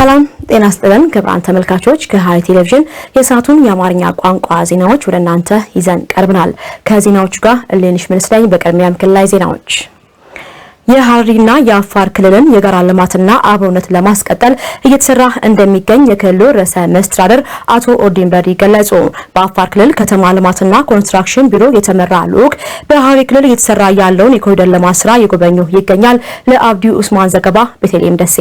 ሰላም ጤና ስጥልን ክብራን ተመልካቾች፣ ከሐረሪ ቴሌቪዥን የሰዓቱን የአማርኛ ቋንቋ ዜናዎች ወደ እናንተ ይዘን ቀርብናል። ከዜናዎቹ ጋር እሌንሽ ምንስለኝ። በቅድሚያም ክልላዊ ዜናዎች የሐረሪና የአፋር ክልልን የጋራ ልማትና አብሮነት ለማስቀጠል እየተሰራ እንደሚገኝ የክልሉ ርዕሰ መስተዳደር አቶ ኦርዲን በድሪ ገለጹ። በአፋር ክልል ከተማ ልማትና ኮንስትራክሽን ቢሮ የተመራ ልዑክ በሐረሪ ክልል እየተሰራ ያለውን የኮሪደር ልማት ስራ የጎበኙ ይገኛል። ለአብዲ ኡስማን ዘገባ ቤተልሔም ደሴ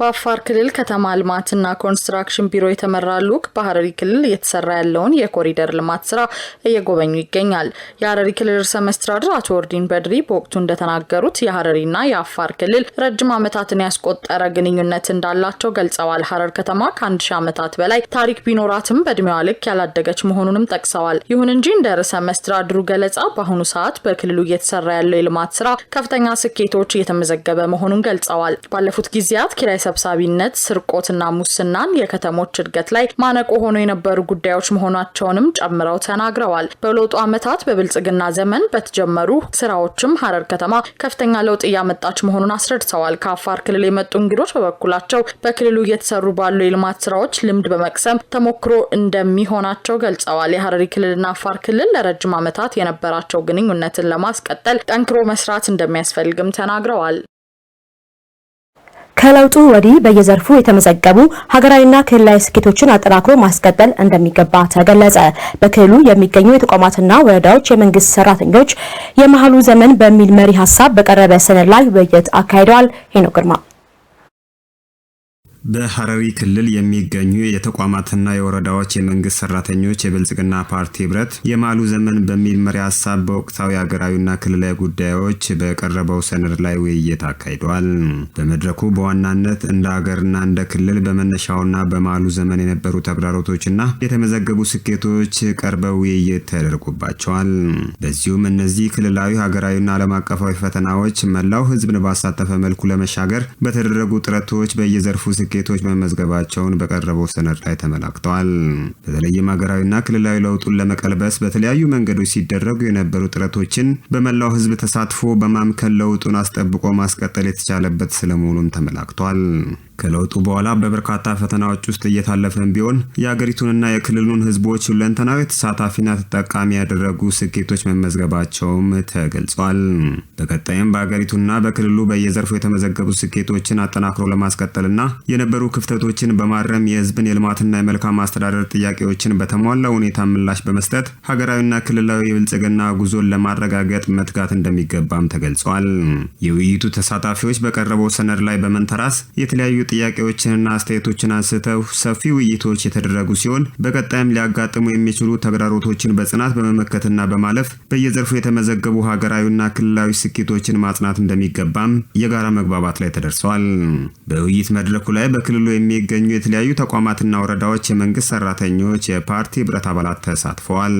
በአፋር ክልል ከተማ ልማትና ኮንስትራክሽን ቢሮ የተመራ ልዑክ በሀረሪ ክልል እየተሰራ ያለውን የኮሪደር ልማት ስራ እየጎበኙ ይገኛል። የሀረሪ ክልል ርዕሰ መስተዳድር አቶ ወርዲን በድሪ በወቅቱ እንደተናገሩት የሀረሪና የአፋር ክልል ረጅም ዓመታትን ያስቆጠረ ግንኙነት እንዳላቸው ገልጸዋል። ሐረር ከተማ ከአንድ ሺህ ዓመታት በላይ ታሪክ ቢኖራትም በእድሜዋ ልክ ያላደገች መሆኑንም ጠቅሰዋል። ይሁን እንጂ እንደ ርዕሰ መስተዳድሩ ገለጻ በአሁኑ ሰዓት በክልሉ እየተሰራ ያለው የልማት ስራ ከፍተኛ ስኬቶች እየተመዘገበ መሆኑን ገልጸዋል። ባለፉት ጊዜያት ኪራይ ሰብሳቢነት ስርቆትና ሙስናን የከተሞች እድገት ላይ ማነቆ ሆኖ የነበሩ ጉዳዮች መሆናቸውንም ጨምረው ተናግረዋል። በለውጡ ዓመታት በብልጽግና ዘመን በተጀመሩ ስራዎችም ሀረር ከተማ ከፍተኛ ለውጥ እያመጣች መሆኑን አስረድተዋል። ከአፋር ክልል የመጡ እንግዶች በበኩላቸው በክልሉ እየተሰሩ ባሉ የልማት ስራዎች ልምድ በመቅሰም ተሞክሮ እንደሚሆናቸው ገልጸዋል። የሀረሪ ክልልና አፋር ክልል ለረጅም ዓመታት የነበራቸው ግንኙነትን ለማስቀጠል ጠንክሮ መስራት እንደሚያስፈልግም ተናግረዋል። ከለውጡ ወዲህ በየዘርፉ የተመዘገቡ ሀገራዊና ክልላዊ ስኬቶችን አጠናክሮ ማስቀጠል እንደሚገባ ተገለጸ። በክልሉ የሚገኙ የተቋማትና ወረዳዎች የመንግስት ሰራተኞች የመሃሉ ዘመን በሚል መሪ ሀሳብ በቀረበ ሰነድ ላይ ውይይት አካሂደዋል። ሄኖ ግርማ በሐረሪ ክልል የሚገኙ የተቋማትና የወረዳዎች የመንግስት ሰራተኞች የብልጽግና ፓርቲ ህብረት የማሉ ዘመን በሚል መሪ ሀሳብ በወቅታዊ ሀገራዊና ክልላዊ ጉዳዮች በቀረበው ሰነድ ላይ ውይይት አካሂደዋል። በመድረኩ በዋናነት እንደ ሀገርና እንደ ክልል በመነሻውና በማሉ ዘመን የነበሩ ተግዳሮቶችና የተመዘገቡ ስኬቶች ቀርበው ውይይት ተደርጎባቸዋል። በዚሁም እነዚህ ክልላዊ ሀገራዊና ዓለም አቀፋዊ ፈተናዎች መላው ህዝብን ባሳተፈ መልኩ ለመሻገር በተደረጉ ጥረቶች በየዘርፉ ስኬቶች መመዝገባቸውን በቀረበው ሰነድ ላይ ተመላክተዋል። በተለይም ሀገራዊና ክልላዊ ለውጡን ለመቀልበስ በተለያዩ መንገዶች ሲደረጉ የነበሩ ጥረቶችን በመላው ህዝብ ተሳትፎ በማምከን ለውጡን አስጠብቆ ማስቀጠል የተቻለበት ስለመሆኑም ተመላክቷል። ከለውጡ በኋላ በበርካታ ፈተናዎች ውስጥ እየታለፈን ቢሆን የአገሪቱንና የክልሉን ህዝቦች ሁለንተናዊ ተሳታፊና ተጠቃሚ ያደረጉ ስኬቶች መመዝገባቸውም ተገልጿል። በቀጣይም በአገሪቱና በክልሉ በየዘርፉ የተመዘገቡ ስኬቶችን አጠናክሮ ለማስቀጠልና የነበሩ ክፍተቶችን በማረም የህዝብን የልማትና የመልካም አስተዳደር ጥያቄዎችን በተሟላ ሁኔታ ምላሽ በመስጠት ሀገራዊና ክልላዊ የብልጽግና ጉዞን ለማረጋገጥ መትጋት እንደሚገባም ተገልጿል። የውይይቱ ተሳታፊዎች በቀረበው ሰነድ ላይ በመንተራስ የተለያዩ ጥያቄዎችንና አስተያየቶችን አንስተው ሰፊ ውይይቶች የተደረጉ ሲሆን በቀጣይም ሊያጋጥሙ የሚችሉ ተግዳሮቶችን በጽናት በመመከትና በማለፍ በየዘርፉ የተመዘገቡ ሀገራዊና ክልላዊ ስኬቶችን ማጽናት እንደሚገባም የጋራ መግባባት ላይ ተደርሰዋል። በውይይት መድረኩ ላይ በክልሉ የሚገኙ የተለያዩ ተቋማትና ወረዳዎች የመንግስት ሰራተኞች፣ የፓርቲ ህብረት አባላት ተሳትፈዋል።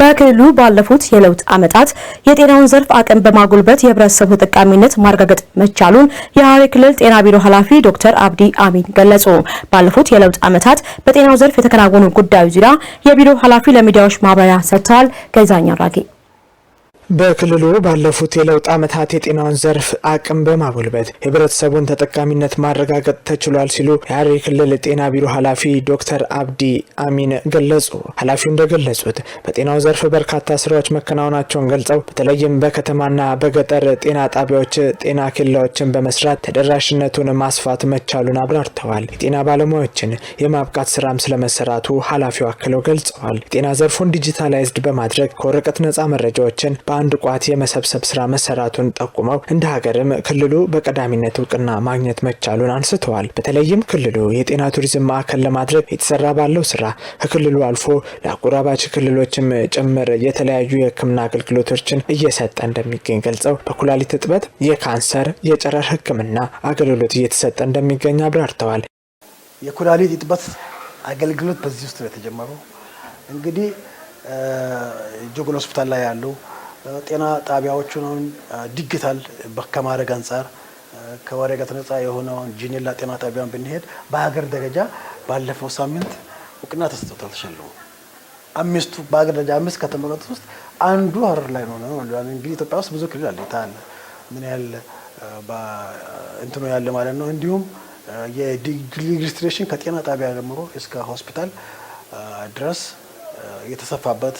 በክልሉ ባለፉት የለውጥ ዓመታት የጤናውን ዘርፍ አቅም በማጎልበት የህብረተሰቡ ተጠቃሚነት ማረጋገጥ መቻሉን የሐረሪ ክልል ጤና ቢሮ ኃላፊ ዶክተር አብዲ አሚን ገለጹ። ባለፉት የለውጥ ዓመታት በጤናው ዘርፍ የተከናወኑ ጉዳዮች ዙሪያ የቢሮ ኃላፊ ለሚዲያዎች ማብራሪያ ሰጥተዋል። ገዛኛ ራጌ በክልሉ ባለፉት የለውጥ ዓመታት የጤናውን ዘርፍ አቅም በማጎልበት የህብረተሰቡን ተጠቃሚነት ማረጋገጥ ተችሏል ሲሉ የሐረሪ ክልል ጤና ቢሮ ኃላፊ ዶክተር አብዲ አሚን ገለጹ። ኃላፊው እንደገለጹት በጤናው ዘርፍ በርካታ ስራዎች መከናወናቸውን ገልጸው በተለይም በከተማና በገጠር ጤና ጣቢያዎች ጤና ኬላዎችን በመስራት ተደራሽነቱን ማስፋት መቻሉን አብራርተዋል። የጤና ባለሙያዎችን የማብቃት ስራም ስለመሰራቱ ኃላፊው አክለው ገልጸዋል። የጤና ዘርፉን ዲጂታላይዝድ በማድረግ ከወረቀት ነጻ መረጃዎችን በ አንድ ቋት የመሰብሰብ ስራ መሰራቱን ጠቁመው እንደ ሀገርም ክልሉ በቀዳሚነት እውቅና ማግኘት መቻሉን አንስተዋል። በተለይም ክልሉ የጤና ቱሪዝም ማዕከል ለማድረግ የተሰራ ባለው ስራ ከክልሉ አልፎ ለአጎራባች ክልሎችም ጭምር የተለያዩ የሕክምና አገልግሎቶችን እየሰጠ እንደሚገኝ ገልጸው በኩላሊት እጥበት፣ የካንሰር፣ የጨረር ሕክምና አገልግሎት እየተሰጠ እንደሚገኝ አብራርተዋል። የኩላሊት እጥበት አገልግሎት በዚህ ውስጥ ነው የተጀመረው። እንግዲህ ጆጎል ሆስፒታል ላይ ያሉ ጤና ጣቢያዎቹን ዲጂታል ከማድረግ አንጻር ከወረቀት ነጻ የሆነውን ጂኔላ ጤና ጣቢያን ብንሄድ በሀገር ደረጃ ባለፈው ሳምንት እውቅና ተሰጥቶታል፣ ተሸለሙ። አምስቱ በሀገር ደረጃ አምስት ከተመረጡት ውስጥ አንዱ ሀረር ላይ ነው። እንግዲህ ኢትዮጵያ ውስጥ ብዙ ክልል አለ። ታለ ምን ያህል እንትኖ ያለ ማለት ነው። እንዲሁም የሬጅስትሬሽን ከጤና ጣቢያ ጀምሮ እስከ ሆስፒታል ድረስ የተሰፋበት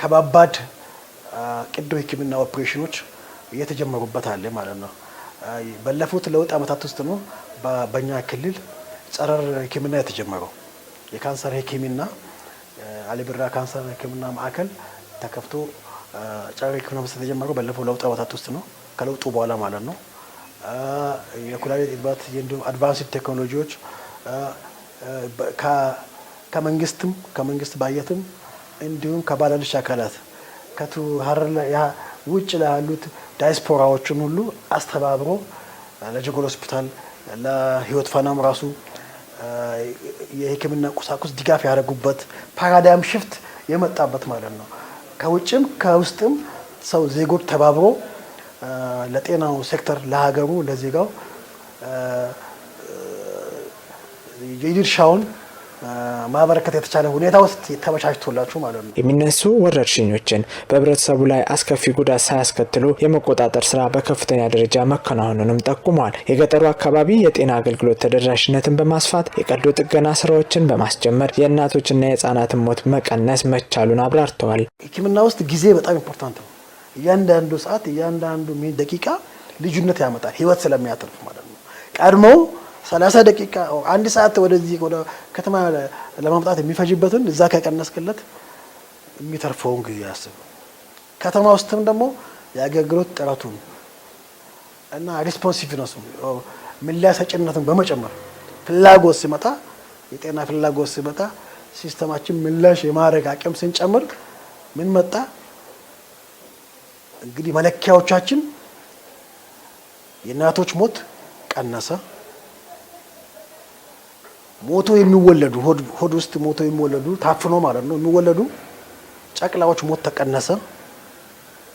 ከባባድ ቅዶ ህክምና ኦፕሬሽኖች እየተጀመሩበት አለ ማለት ነው። ባለፉት ለውጥ ዓመታት ውስጥ ነው በእኛ ክልል ጸረር ህክምና የተጀመረው። የካንሰር ሕክምና አሊብራ ካንሰር ህክምና ማዕከል ተከፍቶ ጸረር ህክምና መስጠት የተጀመረው ባለፈው ለውጥ ዓመታት ውስጥ ነው፣ ከለውጡ በኋላ ማለት ነው። የኩላሊት እጥበት እንዲሁም አድቫንስድ ቴክኖሎጂዎች ከመንግስትም ከመንግስት ባየትም እንዲሁም ከባለድርሻ አካላት ከሀረርና ውጭ ላይ ያሉት ዳይስፖራዎችን ሁሉ አስተባብሮ ለጀጎል ሆስፒታል ለህይወት ፋናም ራሱ የህክምና ቁሳቁስ ድጋፍ ያደረጉበት ፓራዳይም ሽፍት የመጣበት ማለት ነው። ከውጭም ከውስጥም ሰው ዜጎች ተባብሮ ለጤናው ሴክተር ለሀገሩ ለዜጋው የድርሻውን ማበረከት የተቻለ ሁኔታ ውስጥ ተመቻችቶላችሁ ማለት ነው። የሚነሱ ወረርሽኞችን በህብረተሰቡ ላይ አስከፊ ጉዳት ሳያስከትሉ የመቆጣጠር ስራ በከፍተኛ ደረጃ መከናወኑንም ጠቁመዋል። የገጠሩ አካባቢ የጤና አገልግሎት ተደራሽነትን በማስፋት የቀዶ ጥገና ስራዎችን በማስጀመር የእናቶችና የህፃናትን ሞት መቀነስ መቻሉን አብራርተዋል። ሕክምና ውስጥ ጊዜ በጣም ኢምፖርታንት ነው። እያንዳንዱ ሰዓት፣ እያንዳንዱ ደቂቃ ልዩነት ያመጣል፣ ህይወት ስለሚያተርፍ ማለት ነው ቀድሞው ሰላሳ ደቂቃ አንድ ሰዓት ወደዚህ ወደ ከተማ ለማምጣት የሚፈጅበትን እዛ ከቀነስክለት የሚተርፈውን ጊዜ አስብ። ከተማ ውስጥም ደግሞ የአገልግሎት ጥረቱን እና ሪስፖንሲቭነሱ ምላሽ ሰጭነቱን በመጨመር ፍላጎት ሲመጣ የጤና ፍላጎት ሲመጣ ሲስተማችን ምላሽ የማድረግ አቅም ስንጨምር ምን መጣ? እንግዲህ መለኪያዎቻችን የእናቶች ሞት ቀነሰ። ሞቶ የሚወለዱ ሆድ ውስጥ ሞቶ የሚወለዱ ታፍኖ ማለት ነው የሚወለዱ ጨቅላዎች ሞት ተቀነሰ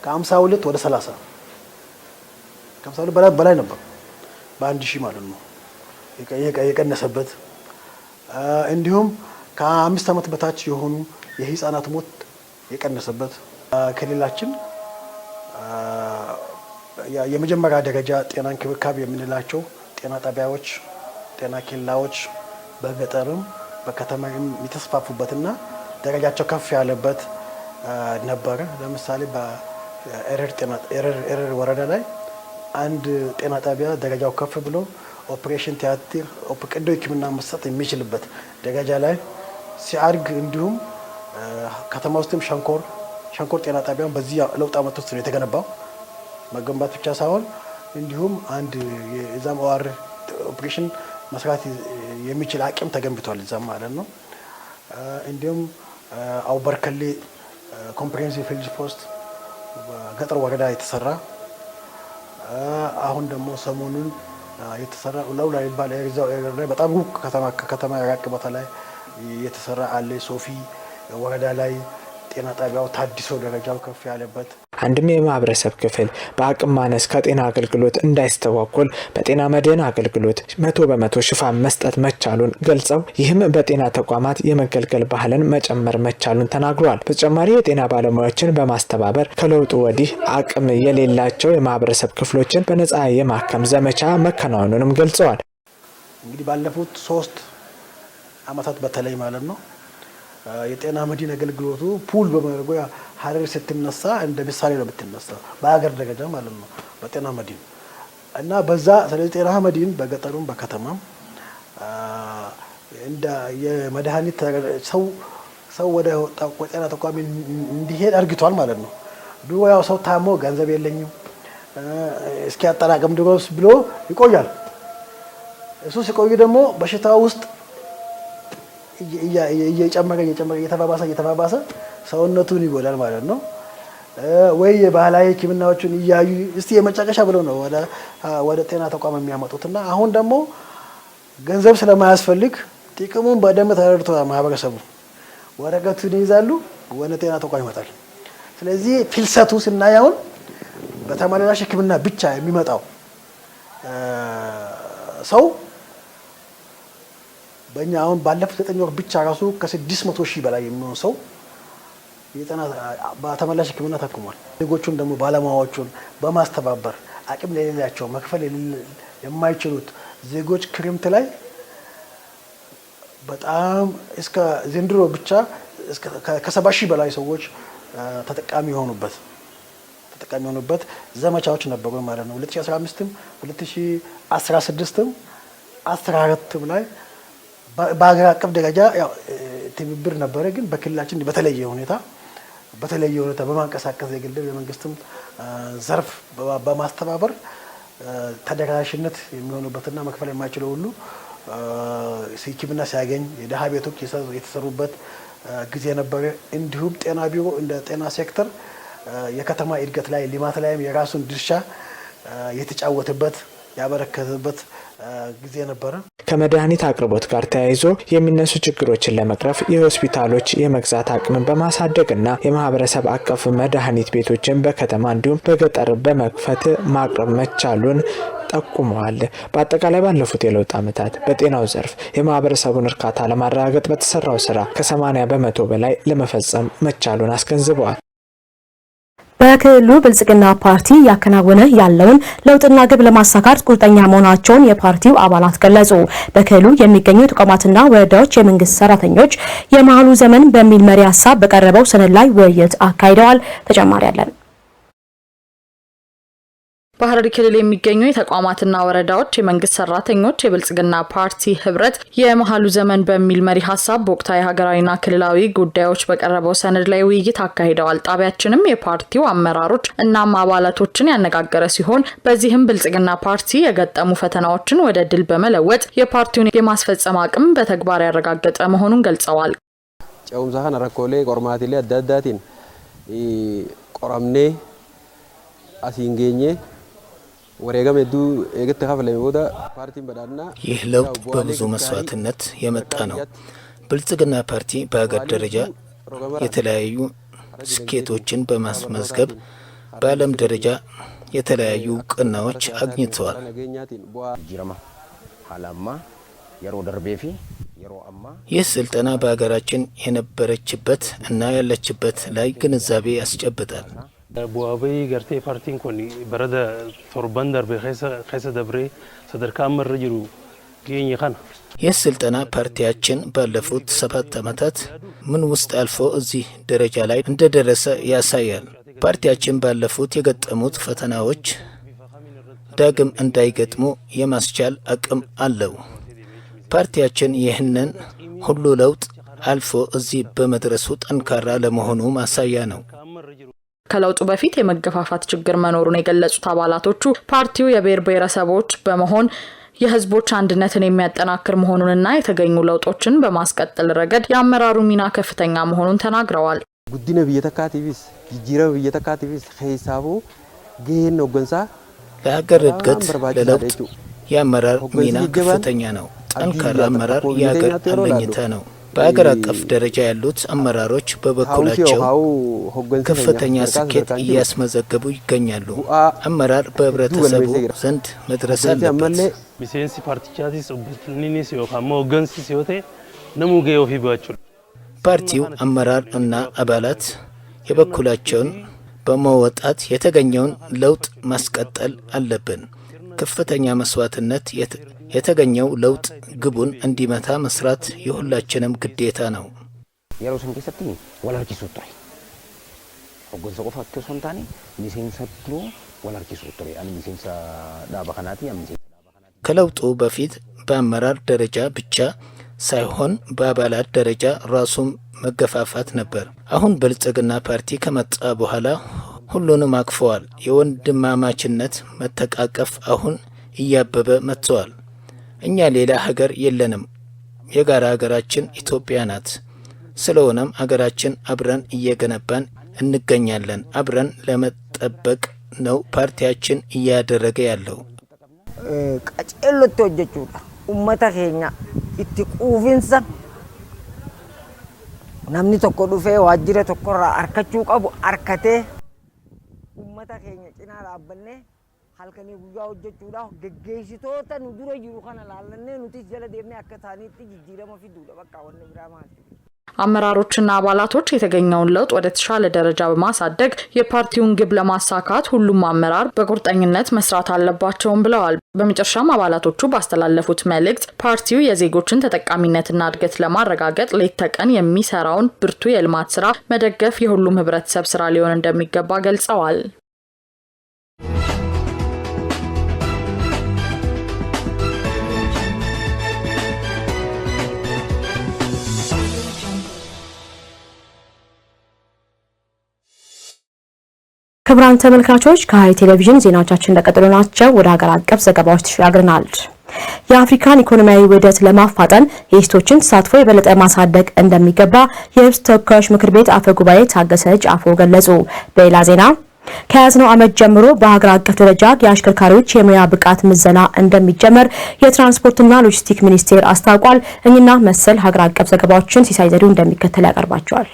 ከ52 ወደ ሰላሳ ከአምሳ ሁለት በላይ ነበር በአንድ ሺህ ማለት ነው የቀነሰበት እንዲሁም ከአምስት ዓመት በታች የሆኑ የህፃናት ሞት የቀነሰበት ክልላችን የመጀመሪያ ደረጃ ጤና እንክብካቤ የምንላቸው ጤና ጣቢያዎች፣ ጤና ኬላዎች በገጠርም በከተማ የተስፋፉበትና ደረጃቸው ከፍ ያለበት ነበረ። ለምሳሌ በኤረር ወረዳ ላይ አንድ ጤና ጣቢያ ደረጃው ከፍ ብሎ ኦፕሬሽን ቲያትር ቀዶ ሕክምና መስጠት የሚችልበት ደረጃ ላይ ሲያድግ፣ እንዲሁም ከተማ ውስጥም ሸንኮር ሸንኮር ጤና ጣቢያን በዚህ ለውጥ ዓመት ውስጥ ነው የተገነባው። መገንባት ብቻ ሳይሆን እንዲሁም አንድ የዛም ኦፕሬሽን መስራት የሚችል አቅም ተገንብቷል እዛም ማለት ነው። እንዲሁም አውበርከሌ ኮምፕሬሄንሲቭ ፊልድ ፖስት ገጠር ወረዳ የተሰራ አሁን ደግሞ ሰሞኑን የተሰራ ለውላ ይባል ዛው ላይ በጣም ሩቅ ከተማ ራቅ ቦታ ላይ የተሰራ አለ። ሶፊ ወረዳ ላይ ጤና ጣቢያው ታድሶ ደረጃው ከፍ ያለበት አንድም የማህበረሰብ ክፍል በአቅም ማነስ ከጤና አገልግሎት እንዳይስተዋኮል በጤና መድህን አገልግሎት መቶ በመቶ ሽፋን መስጠት መቻሉን ገልጸው ይህም በጤና ተቋማት የመገልገል ባህልን መጨመር መቻሉን ተናግሯል። በተጨማሪ የጤና ባለሙያዎችን በማስተባበር ከለውጡ ወዲህ አቅም የሌላቸው የማህበረሰብ ክፍሎችን በነጻ የማከም ዘመቻ መከናወኑንም ገልጸዋል። እንግዲህ ባለፉት ሶስት አመታት በተለይ ማለት ነው የጤና መድን አገልግሎቱ ፑል በመደረጉ ሀረር ስትነሳ እንደ ምሳሌ ነው የምትነሳ በሀገር ደረጃ ማለት ነው በጤና መድን እና በዛ ስለዚህ ጤና መድን በገጠሩም በከተማም እንደ የመድኃኒት ሰው ሰው ወደ ጤና ተቋሚ እንዲሄድ አርግቷል ማለት ነው። ድሮ ያው ሰው ታሞ ገንዘብ የለኝም እስኪ አጠራቅም ድረስ ብሎ ይቆያል። እሱ ሲቆይ ደግሞ በሽታ ውስጥ እየጨመቀ እየጨመቀ እየተባባሰ እየተባባሰ ሰውነቱን ይጎዳል ማለት ነው። ወይ የባህላዊ ሕክምናዎችን እያዩ እስቲ የመጨረሻ ብለው ነው ወደ ጤና ተቋም የሚያመጡት እና አሁን ደግሞ ገንዘብ ስለማያስፈልግ ጥቅሙን በደንብ ተረድቶ ማህበረሰቡ ወረቀቱን ይይዛሉ፣ ወደ ጤና ተቋም ይመጣል። ስለዚህ ፍልሰቱ አሁን በተመላላሽ ሕክምና ብቻ የሚመጣው ሰው በእኛ አሁን ባለፉት ዘጠኝ ወር ብቻ ራሱ ከስድስት መቶ ሺህ በላይ የሚሆን ሰው በተመላሽ ሕክምና ታክሟል። ዜጎቹን ደግሞ ባለሙያዎቹን በማስተባበር አቅም ለሌላቸው መክፈል የማይችሉት ዜጎች ክርምት ላይ በጣም እስከ ዘንድሮ ብቻ ከሰባ ሺህ በላይ ሰዎች ተጠቃሚ የሆኑበት ተጠቃሚ የሆኑበት ዘመቻዎች ነበሩ ማለት ነው 2015ም 2016ም 14ም ላይ በሀገር አቀፍ ደረጃ ትብብር ነበረ፣ ግን በክልላችን በተለየ ሁኔታ በተለየ ሁኔታ በማንቀሳቀስ የግል የመንግስትም ዘርፍ በማስተባበር ተደራሽነት የሚሆኑበትና መክፈል የማይችለው ሁሉ ሕክምና ሲያገኝ የድሀ ቤቶች የተሰሩበት ጊዜ ነበረ። እንዲሁም ጤና ቢሮ እንደ ጤና ሴክተር የከተማ እድገት ላይ ልማት ላይም የራሱን ድርሻ የተጫወተበት ያበረከተበት ጊዜ ነበረ። ከመድኃኒት አቅርቦት ጋር ተያይዞ የሚነሱ ችግሮችን ለመቅረፍ የሆስፒታሎች የመግዛት አቅምን በማሳደግ እና የማህበረሰብ አቀፍ መድኃኒት ቤቶችን በከተማ እንዲሁም በገጠር በመክፈት ማቅረብ መቻሉን ጠቁመዋል። በአጠቃላይ ባለፉት የለውጥ ዓመታት በጤናው ዘርፍ የማህበረሰቡን እርካታ ለማረጋገጥ በተሰራው ስራ ከ80 በመቶ በላይ ለመፈጸም መቻሉን አስገንዝበዋል። በክልሉ ብልጽግና ፓርቲ እያከናወነ ያለውን ለውጥና ግብ ለማሳካት ቁርጠኛ መሆናቸውን የፓርቲው አባላት ገለጹ። በክልሉ የሚገኙ ተቋማትና ወረዳዎች የመንግስት ሰራተኞች የመሃሉ ዘመን በሚል መሪ ሀሳብ በቀረበው ሰነድ ላይ ውይይት አካሂደዋል። ተጨማሪ አለን። በሀረሪ ክልል የሚገኙ የተቋማትና ወረዳዎች የመንግስት ሰራተኞች የብልጽግና ፓርቲ ህብረት የመሀሉ ዘመን በሚል መሪ ሀሳብ በወቅታዊ ሀገራዊና ክልላዊ ጉዳዮች በቀረበው ሰነድ ላይ ውይይት አካሂደዋል። ጣቢያችንም የፓርቲው አመራሮች እናም አባላቶችን ያነጋገረ ሲሆን በዚህም ብልጽግና ፓርቲ የገጠሙ ፈተናዎችን ወደ ድል በመለወጥ የፓርቲውን የማስፈጸም አቅም በተግባር ያረጋገጠ መሆኑን ገልጸዋል። ረኮሌ ቆርማቲሌ አዳዳቲን ቆረምኔ አሲንጌኜ ይህ ለውጥ በብዙ መስዋዕትነት የመጣ ነው። ብልጽግና ፓርቲ በሀገር ደረጃ የተለያዩ ስኬቶችን በማስመዝገብ በዓለም ደረጃ የተለያዩ እውቅናዎች አግኝተዋል። ይህ ስልጠና በሀገራችን የነበረችበት እና ያለችበት ላይ ግንዛቤ ያስጨብጣል። Bu'aabii gartee paartiin kun bara torban darbe keessa dabree sadarkaa ammarra jiru geenye kana ይህ ስልጠና ፓርቲያችን ባለፉት ሰባት ዓመታት ምን ውስጥ አልፎ እዚህ ደረጃ ላይ እንደደረሰ ያሳያል። ፓርቲያችን ባለፉት የገጠሙት ፈተናዎች ዳግም እንዳይገጥሙ የማስቻል አቅም አለው። ፓርቲያችን ይህንን ሁሉ ለውጥ አልፎ እዚህ በመድረሱ ጠንካራ ለመሆኑ ማሳያ ነው። ከለውጡ በፊት የመገፋፋት ችግር መኖሩን የገለጹት አባላቶቹ ፓርቲው የብሔር ብሔረሰቦች በመሆን የህዝቦች አንድነትን የሚያጠናክር መሆኑንና የተገኙ ለውጦችን በማስቀጠል ረገድ የአመራሩ ሚና ከፍተኛ መሆኑን ተናግረዋል። ጉዲነ ብየተካቲቪስ ጅጅረ ብየተካቲቪስ ከሂሳቡ ግህን ነው ጎንሳ ለሀገር እድገት ለለውጥ የአመራር ሚና ከፍተኛ ነው። ጠንካራ አመራር የሀገር አለኝተ ነው። በአገር አቀፍ ደረጃ ያሉት አመራሮች በበኩላቸው ከፍተኛ ስኬት እያስመዘገቡ ይገኛሉ። አመራር በህብረተሰቡ ዘንድ መድረስ አለበት። ፓርቲው አመራር እና አባላት የበኩላቸውን በመወጣት የተገኘውን ለውጥ ማስቀጠል አለብን። ከፍተኛ መስዋዕትነት የተገኘው ለውጥ ግቡን እንዲመታ መስራት የሁላችንም ግዴታ ነው። ከለውጡ በፊት በአመራር ደረጃ ብቻ ሳይሆን በአባላት ደረጃ ራሱም መገፋፋት ነበር። አሁን ብልጽግና ፓርቲ ከመጣ በኋላ ሁሉንም አቅፈዋል። የወንድማማችነት መተቃቀፍ አሁን እያበበ መጥተዋል። እኛ ሌላ ሀገር የለንም። የጋራ ሀገራችን ኢትዮጵያ ናት። ስለሆነም ሀገራችን አብረን እየገነባን እንገኛለን። አብረን ለመጠበቅ ነው ፓርቲያችን እያደረገ ያለው። ቀጨሎቶ ጀቹዳ ኡመተ ኬኛ ኢቲ ቁፊንሳ ናምኒ ቶኮ ዱፌ ዋጅረ ቶኮራ አርከቹ ቀቡ አርከቴ ኡመተ ኬኛ ጭና ዳበኔ halkanii guyyaa hojjechuudhaaf geggeessitoota nu dura jiru kana laallannee nutis jala deemnee akka isaaniitti jijjiirama fiduudha bakka wanni biraa maati. አመራሮችና አባላቶች የተገኘውን ለውጥ ወደ ተሻለ ደረጃ በማሳደግ የፓርቲውን ግብ ለማሳካት ሁሉም አመራር በቁርጠኝነት መስራት አለባቸውም ብለዋል። በመጨረሻም አባላቶቹ ባስተላለፉት መልእክት ፓርቲው የዜጎችን ተጠቃሚነትና እድገት ለማረጋገጥ ሌት ተቀን የሚሰራውን ብርቱ የልማት ስራ መደገፍ የሁሉም ህብረተሰብ ስራ ሊሆን እንደሚገባ ገልጸዋል። ክቡራን ተመልካቾች ከሐረሪ ቴሌቪዥን ዜናዎቻችን እንደቀጠሉ ናቸው። ወደ ሀገር አቀፍ ዘገባዎች ተሻግረናል። የአፍሪካን ኢኮኖሚያዊ ውህደት ለማፋጠን የሴቶችን ተሳትፎ የበለጠ ማሳደግ እንደሚገባ የሕዝብ ተወካዮች ምክር ቤት አፈ ጉባኤ ታገሰ ጫፎ ገለጹ። በሌላ ዜና ከያዝነው ዓመት ጀምሮ በሀገር አቀፍ ደረጃ የአሽከርካሪዎች የሙያ ብቃት ምዘና እንደሚጀመር የትራንስፖርትና ሎጂስቲክ ሚኒስቴር አስታውቋል። እኚህና መሰል ሀገር አቀፍ ዘገባዎችን ሲሳይ እንደሚከተል ያቀርባቸዋል።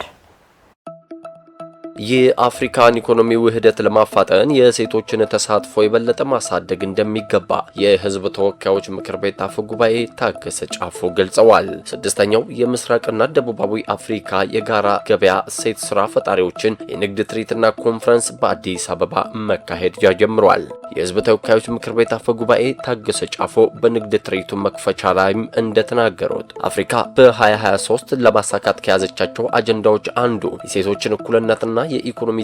የአፍሪካን ኢኮኖሚ ውህደት ለማፋጠን የሴቶችን ተሳትፎ የበለጠ ማሳደግ እንደሚገባ የህዝብ ተወካዮች ምክር ቤት አፈ ጉባኤ ታገሰ ጫፎ ገልጸዋል። ስድስተኛው የምስራቅና ደቡባዊ አፍሪካ የጋራ ገበያ ሴት ስራ ፈጣሪዎችን የንግድ ትርኢትና ኮንፈረንስ በአዲስ አበባ መካሄድ ጀምሯል። የህዝብ ተወካዮች ምክር ቤት አፈ ጉባኤ ታገሰ ጫፎ በንግድ ትርኢቱ መክፈቻ ላይም እንደተናገሩት አፍሪካ በ2023 ለማሳካት ከያዘቻቸው አጀንዳዎች አንዱ የሴቶችን እኩልነትና የኢኮኖሚ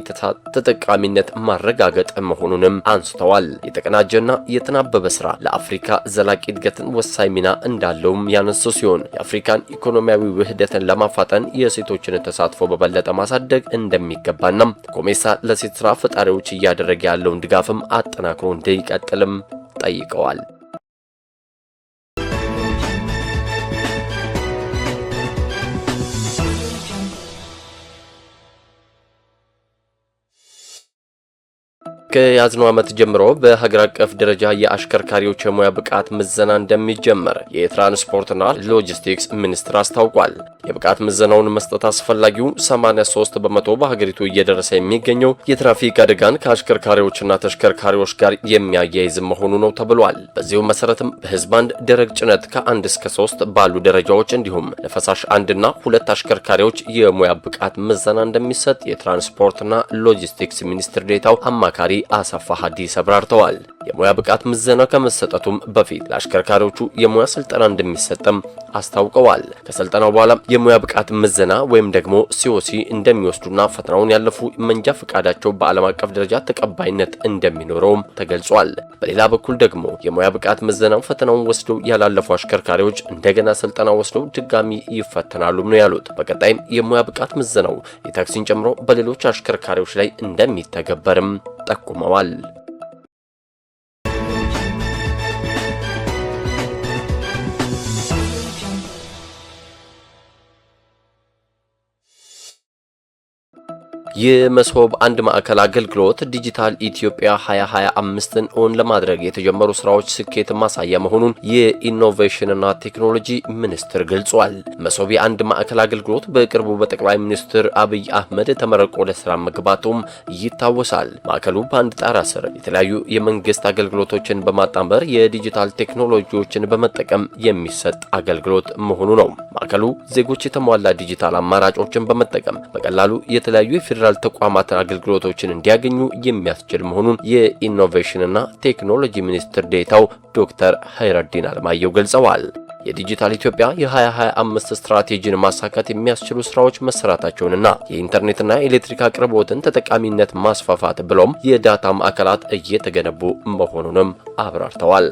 ተጠቃሚነት ማረጋገጥ መሆኑንም አንስተዋል። የተቀናጀና የተናበበ ስራ ለአፍሪካ ዘላቂ እድገትን ወሳኝ ሚና እንዳለውም ያነሱ ሲሆን የአፍሪካን ኢኮኖሚያዊ ውህደትን ለማፋጠን የሴቶችን ተሳትፎ በበለጠ ማሳደግ እንደሚገባና ኮሜሳ ለሴት ስራ ፈጣሪዎች እያደረገ ያለውን ድጋፍም አጠናክሮ እንዲቀጥልም ጠይቀዋል። ከያዝነው ዓመት ጀምሮ በሀገር አቀፍ ደረጃ የአሽከርካሪዎች የሙያ ብቃት ምዘና እንደሚጀመር የትራንስፖርትና ሎጂስቲክስ ሚኒስቴር አስታውቋል። የብቃት ምዘናውን መስጠት አስፈላጊው 83 በመቶ በሀገሪቱ እየደረሰ የሚገኘው የትራፊክ አደጋን ከአሽከርካሪዎችና ተሽከርካሪዎች ጋር የሚያያይዝ መሆኑ ነው ተብሏል። በዚሁ መሰረትም በህዝብ አንድ ደረቅ ጭነት ከአንድ እስከ ሶስት ባሉ ደረጃዎች እንዲሁም ለፈሳሽ አንድና ሁለት አሽከርካሪዎች የሙያ ብቃት ምዘና እንደሚሰጥ የትራንስፖርትና ሎጂስቲክስ ሚኒስትር ዴታው አማካሪ ئاسەفە حەدیسە برارتەوال የሙያ ብቃት ምዘና ከመሰጠቱም በፊት ለአሽከርካሪዎቹ የሙያ ስልጠና እንደሚሰጥም አስታውቀዋል። ከስልጠናው በኋላ የሙያ ብቃት ምዘና ወይም ደግሞ ሲኦሲ እንደሚወስዱና ፈተናውን ያለፉ መንጃ ፈቃዳቸው በዓለም አቀፍ ደረጃ ተቀባይነት እንደሚኖረውም ተገልጿል። በሌላ በኩል ደግሞ የሙያ ብቃት ምዘና ፈተናውን ወስደው ያላለፉ አሽከርካሪዎች እንደገና ስልጠና ወስደው ድጋሚ ይፈተናሉም ነው ያሉት። በቀጣይም የሙያ ብቃት ምዘናው የታክሲን ጨምሮ በሌሎች አሽከርካሪዎች ላይ እንደሚተገበርም ጠቁመዋል። የመሶብ አንድ ማዕከል አገልግሎት ዲጂታል ኢትዮጵያ 2025ን እውን ለማድረግ የተጀመሩ ስራዎች ስኬት ማሳያ መሆኑን የኢኖቬሽንና ቴክኖሎጂ ሚኒስትር ገልጿል። መሶብ የአንድ ማዕከል አገልግሎት በቅርቡ በጠቅላይ ሚኒስትር አብይ አህመድ ተመረቆ ለስራ መግባቱም ይታወሳል። ማዕከሉ በአንድ ጣራ ስር የተለያዩ የመንግስት አገልግሎቶችን በማጣመር የዲጂታል ቴክኖሎጂዎችን በመጠቀም የሚሰጥ አገልግሎት መሆኑ ነው። ማዕከሉ ዜጎች የተሟላ ዲጂታል አማራጮችን በመጠቀም በቀላሉ የተለያዩ የፌዴራል የፌዴራል ተቋማት አገልግሎቶችን እንዲያገኙ የሚያስችል መሆኑን የኢኖቬሽንና ቴክኖሎጂ ሚኒስትር ዴታው ዶክተር ሀይረዲን አለማየው ገልጸዋል። የዲጂታል ኢትዮጵያ የ2025 ስትራቴጂን ማሳካት የሚያስችሉ ስራዎች መሰራታቸውንና የኢንተርኔትና የኤሌክትሪክ አቅርቦትን ተጠቃሚነት ማስፋፋት ብሎም የዳታ ማዕከላት እየተገነቡ መሆኑንም አብራርተዋል።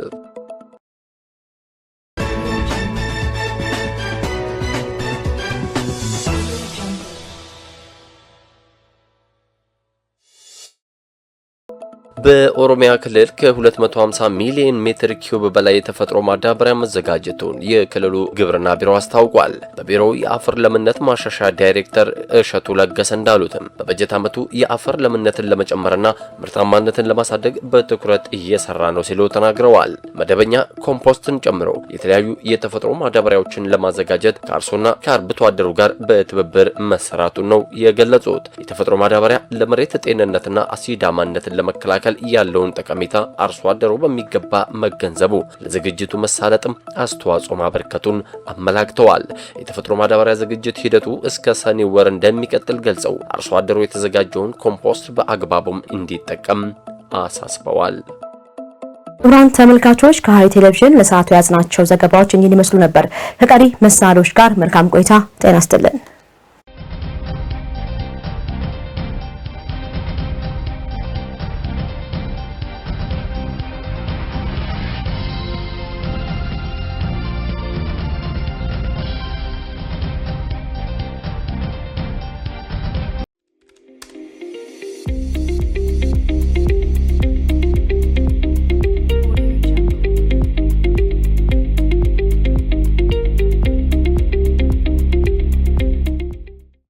በኦሮሚያ ክልል ከ250 ሚሊዮን ሜትር ኪዩብ በላይ የተፈጥሮ ማዳበሪያ መዘጋጀቱን የክልሉ ግብርና ቢሮ አስታውቋል። በቢሮው የአፈር ለምነት ማሻሻያ ዳይሬክተር እሸቱ ለገሰ እንዳሉትም በበጀት ዓመቱ የአፈር ለምነትን ለመጨመርና ምርታማነትን ለማሳደግ በትኩረት እየሰራ ነው ሲሉ ተናግረዋል። መደበኛ ኮምፖስትን ጨምሮ የተለያዩ የተፈጥሮ ማዳበሪያዎችን ለማዘጋጀት ከአርሶና ከአርብቶ አደሩ ጋር በትብብር መሰራቱን ነው የገለጹት። የተፈጥሮ ማዳበሪያ ለመሬት ጤንነትና አሲዳማነትን ለመከላከል መካከል ያለውን ጠቀሜታ አርሶ አደሩ በሚገባ መገንዘቡ ለዝግጅቱ መሳለጥም አስተዋጽኦ ማበርከቱን አመላክተዋል። የተፈጥሮ ማዳበሪያ ዝግጅት ሂደቱ እስከ ሰኔ ወር እንደሚቀጥል ገልጸው አርሶ አደሩ የተዘጋጀውን ኮምፖስት በአግባቡም እንዲጠቀም አሳስበዋል። ክቡራን ተመልካቾች ከሐረሪ ቴሌቪዥን ለሰዓቱ የያዝናቸው ዘገባዎች እኚህን ይመስሉ ነበር። ከቀሪ መሰናዶች ጋር መልካም ቆይታ። ጤና ይስጥልን።